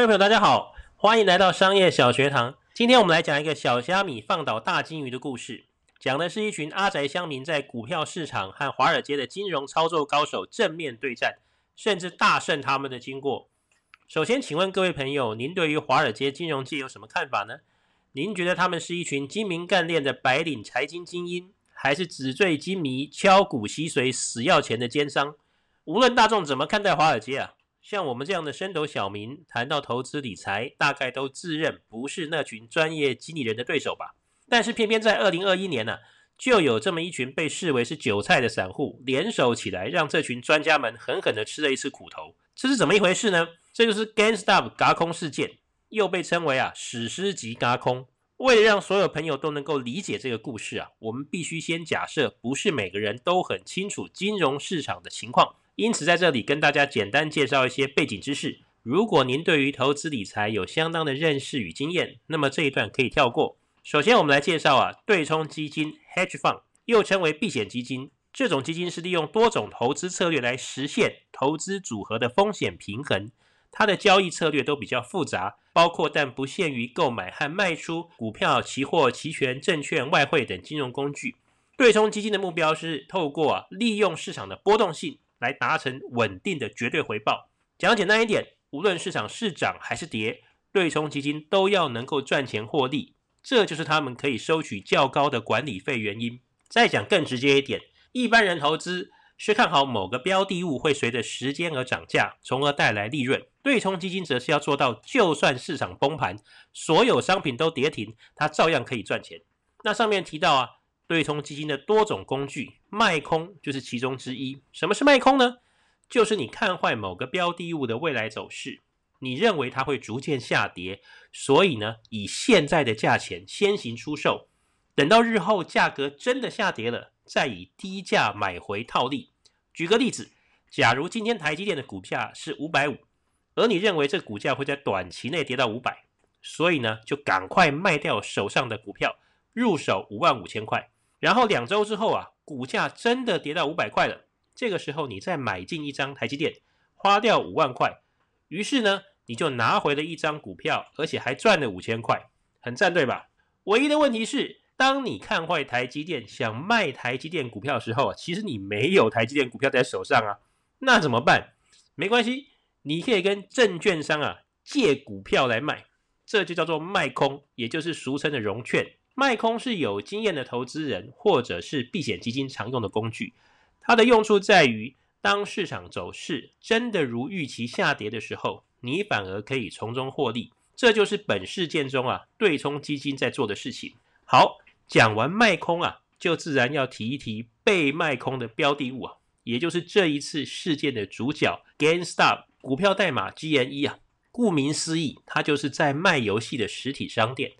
各位朋友，大家好，歡迎來到商業小學堂。今天我們來講一個小蝦米放倒大鯨魚的故事。講的是一群阿宅鄉民在股票市場和華爾街的金融操作高手正面對戰，甚至大勝他們的經過。首先，請問各位朋友，您對於華爾街金融界有什麼看法呢？您覺得他們是一群精明幹練的白領財經精英，還是紙醉金迷、敲骨吸髓、死要錢的奸商？無論大眾怎麼看待華爾街啊，像我們這樣的升斗小民，談到投資理財，大概都自認不是那群專業經理人的對手吧。但是偏偏在二零二一年呢、啊，就有這麼一群被視為是韭菜的散戶聯手起來，讓這群專家們狠狠地吃了一次苦頭。這是怎麼一回事呢？這就是 GameStop 軋空事件，又被稱為啊史詩級軋空。為了讓所有朋友都能夠理解這個故事啊，我們必須先假設，不是每個人都很清楚金融市場的情況。因此，在這裡跟大家簡單介紹一些背景知識。如果您對於投資理財有相當的認識與經驗，那麼這一段可以跳過。首先，我們來介紹啊，對沖基金 （Hedge Fund） 又稱為避險基金。這種基金是利用多種投資策略來實現投資組合的風險平衡。它的交易策略都比較複雜，包括但不限於購買和賣出股票、期貨、期權、證券、外匯等金融工具。對沖基金的目標是透過、啊、利用市場的波動性，來達成穩定的絕對回報。講簡單一點，無論市場是漲還是跌，對沖基金都要能夠賺錢獲利，這就是他們可以收取較高的管理費原因。再講更直接一點，一般人投資是看好某個標的物會隨着時間而漲價，從而帶來利潤。對沖基金則是要做到就算市場崩盤，所有商品都跌停，它照樣可以賺錢。那上面提到啊。對沖基金的多種工具，賣空就是其中之一。什麼是賣空呢？就是你看壞某個標的物的未來走勢，你認為它會逐漸下跌，所以呢，以現在的價錢先行出售，等到日後價格真的下跌了，再以低價買回套利。舉個例子，假如今天台積電的股價是五百五，而你認為這股價會在短期內跌到五百，所以呢，就趕快賣掉手上的股票，入手五萬五千塊。然後兩周之後啊，股價真的跌到五百塊了。這個時候你再買進一張台積電，花掉五萬塊，於是呢，你就拿回了一張股票，而且還賺了五千塊，很讚對吧？唯一的問題是，當你看壞台積電，想賣台積電股票的時候，啊，其實你沒有台積電股票在手上啊，那怎麼辦？沒關係，你可以跟證券商啊借股票來賣，這就叫做賣空，也就是俗稱的融券。賣空是有經驗的投資人或者是避險基金常用的工具，它的用處在於，當市場走勢真的如預期下跌的時候，你反而可以從中獲利。這就是本事件中啊，對沖基金在做的事情。好，講完賣空啊，就自然要提一提被賣空的標的物啊，也就是這一次事件的主角 Gamestop 股票代碼 GME 啊，顧名思義，它就是在賣遊戲的實體商店。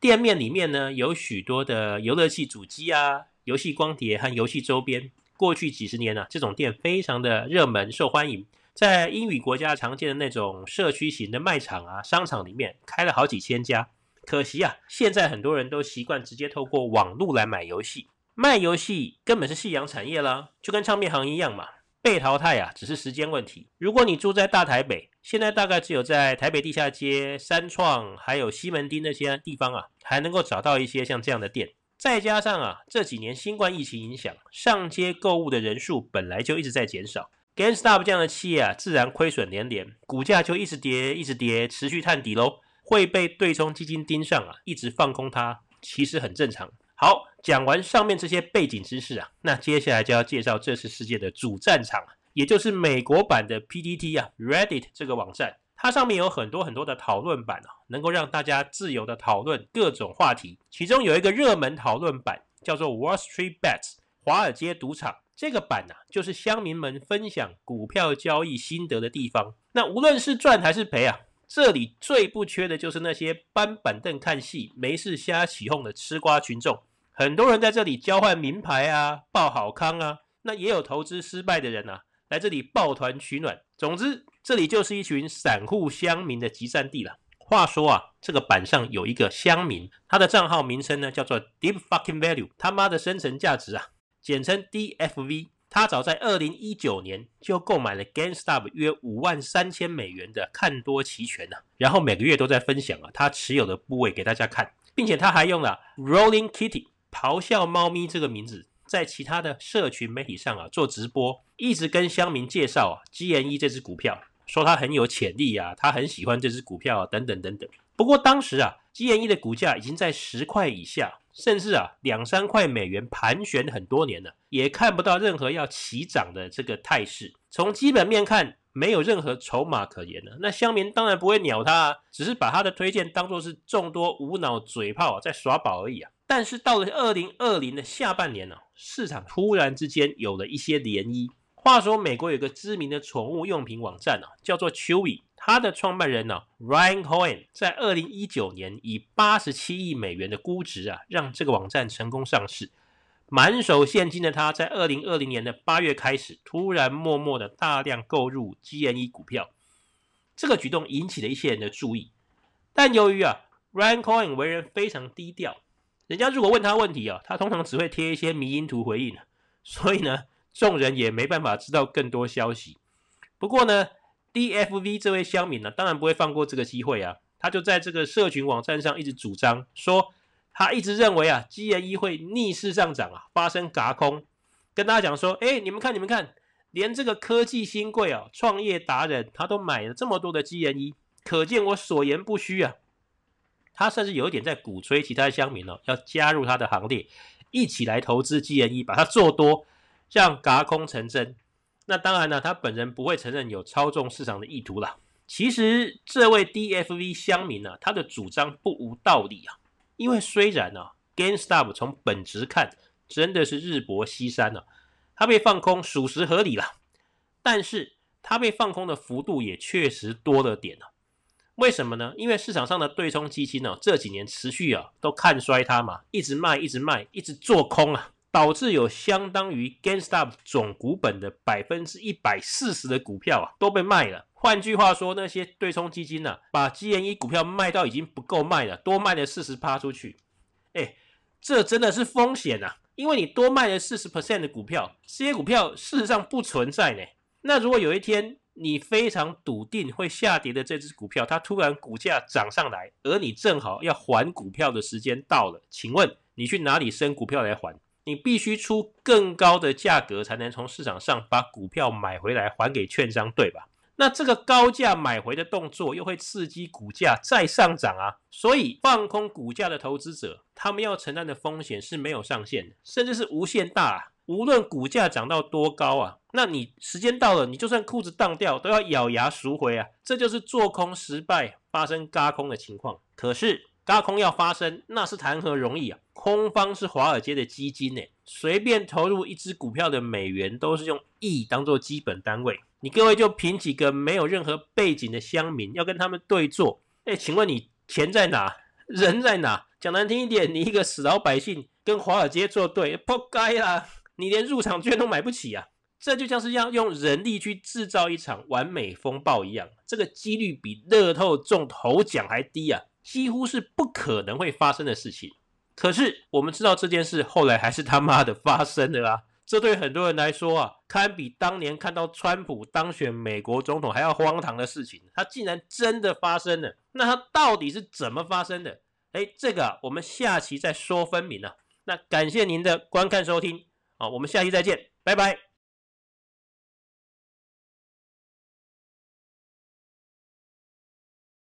店面裡面呢，有許多的遊樂器主機啊、遊戲光碟和遊戲周邊。過去幾十年呢、啊，這種店非常的熱門、受歡迎，在英語國家常見的那種社區型的賣場啊、商場裡面開了好幾千家。可惜啊，現在很多人都習慣直接透過網絡來買遊戲，賣遊戲根本是夕陽產業啦，就跟唱片行一樣嘛。被淘汰啊，只是時間問題。如果你住在大台北，現在大概只有在台北地下街、三創還有西門町那些地方啊，還能夠找到一些像這樣的店。再加上啊，這幾年新冠疫情影響，上街購物的人數本來就一直在減少，GameStop 這樣的企業啊，自然虧損連連，股價就一直跌，一直跌，持續探底嘍。會被對沖基金盯上啊，一直放空它，其實很正常。好，講完上面這些背景知識啊，那接下來就要介紹這次事件的主戰場，也就是美國版的 PTT 啊，Reddit 這個網站，它上面有很多很多的討論版啊，能夠讓大家自由地討論各種話題。其中有一個熱門討論版叫做 Wall Street Bets，華爾街賭場。這個版吶、啊，就是鄉民們分享股票交易心得的地方。那無論是賺還是賠啊，這裡最不缺的就是那些搬板凳看戲、沒事瞎起鬨的吃瓜群眾。很多人在這裡交換名牌啊，報好康啊，那也有投資失敗的人吶、啊，來這裡抱團取暖。總之，這裡就是一群散戶鄉民的集散地了。話說啊，這個板上有一個鄉民，他的賬號名稱呢叫做 Deep Fucking Value，他媽的深層價值啊，簡稱 DFV。他早在二零一九年就購買了 GameStop 約五萬三千美元的看多期權啊。然後每個月都在分享啊他持有的部位給大家看，並且他還用了 Rolling Kitty。咆哮貓咪這個名字在其他的社群媒體上啊做直播，一直跟鄉民介紹啊 GME 這支股票，說它很有潛力啊，他很喜歡這支股票啊，等等等等。不過當時啊 GME 的股價已經在十塊以下，甚至啊兩三塊美元盤旋很多年了，也看不到任何要起漲的這個態勢。從基本面看，沒有任何籌碼可言了、啊、那鄉民當然不會鳥他、啊，只是把他的推薦當做是眾多無腦嘴炮、啊、在耍寶而已啊。但是到了二零二零的下半年呢、啊，市場突然之間有了一些漣漪。話說，美國有個知名的寵物用品網站呢、啊，叫做 Chewy，它的創辦人呢、啊、Ryan Cohen，在二零一九年以八十七億美元的估值啊，讓這個網站成功上市。滿手現金的他，在二零二零年的八月開始，突然默默的大量購入 GME 股票，這個舉動引起了一些人的注意。但由於啊，Ryan Cohen 為人非常低調。人家如果問他問題啊，他通常只會貼一些迷因圖回應，所以呢，眾人也沒辦法知道更多消息。不過呢，D F V 這位鄉民呢、啊，當然不會放過這個機會啊，他就在這個社群網站上一直主張說，他一直認為啊，G N E 會逆勢上漲啊，發生軋空，跟大家講說，哎，你們看，你們看，連這個科技新貴啊，創業達人，他都買了這麼多的 G N E。可見我所言不虛啊。他甚至有一點在鼓吹其他鄉民哦，要加入他的行列，一起來投資 GME，把它做多，這樣軋空成真。那當然呢、啊，他本人不會承認有操縱市場的意圖了。其實這位 DFV 鄉民呢、啊，他的主張不無道理啊。因為雖然呢、啊、GameStop 從本質看真的是日薄西山了、啊，他被放空屬實合理了，但是他被放空的幅度也確實多了點呢、啊。為什麼呢？因為市場上的對沖基金呢、啊，這幾年持續啊都看衰它嘛，一直賣，一直賣，一直做空啊，導致有相當於 GameStop 總股本的百分之一百四十的股票啊都被賣了。換句話說，那些對沖基金呢、啊，把 GME 股票賣到已經不夠賣了，多賣了四十趴出去。哎，這真的是風險啊！因為你多賣了四十 percent 的股票，這些股票事實上不存在呢。那如果有一天，你非常篤定會下跌的這隻股票，它突然股價漲上來，而你正好要還股票的時間到了，請問你去哪裡升股票來還？你必須出更高的價格才能從市場上把股票買回來還給券商，對吧？那這個高價買回的動作又會刺激股價再上漲啊！所以放空股價的投資者，他們要承擔的風險是沒有上限的，甚至是無限大啊。無論股價漲到多高啊，那你時間到了，你就算褲子當掉，都要咬牙贖回啊。這就是做空失敗發生軋空的情況。可是軋空要發生，那是談何容易啊！空方是華爾街的基金呢、欸，隨便投入一支股票的美元都是用億、e、當作基本單位。你各位就憑幾個沒有任何背景的鄉民要跟他們對做？誒，請問你錢在哪？人在哪？講難聽一點，你一個死老百姓跟華爾街作對，撲街啦。你連入場券都買不起啊！這就像是要用人力去製造一場完美風暴一樣，這個幾率比樂透中頭獎還低啊，幾乎是不可能會發生的事情。可是我們知道這件事後來還是他媽的發生的啦、啊！這對很多人來說啊，堪比當年看到川普當選美國總統還要荒唐的事情，它竟然真的發生了。那它到底是怎麼發生的？誒、欸，這個、啊、我們下期再說分明啊。那感謝您的觀看收聽。好，我們下期再見，拜拜！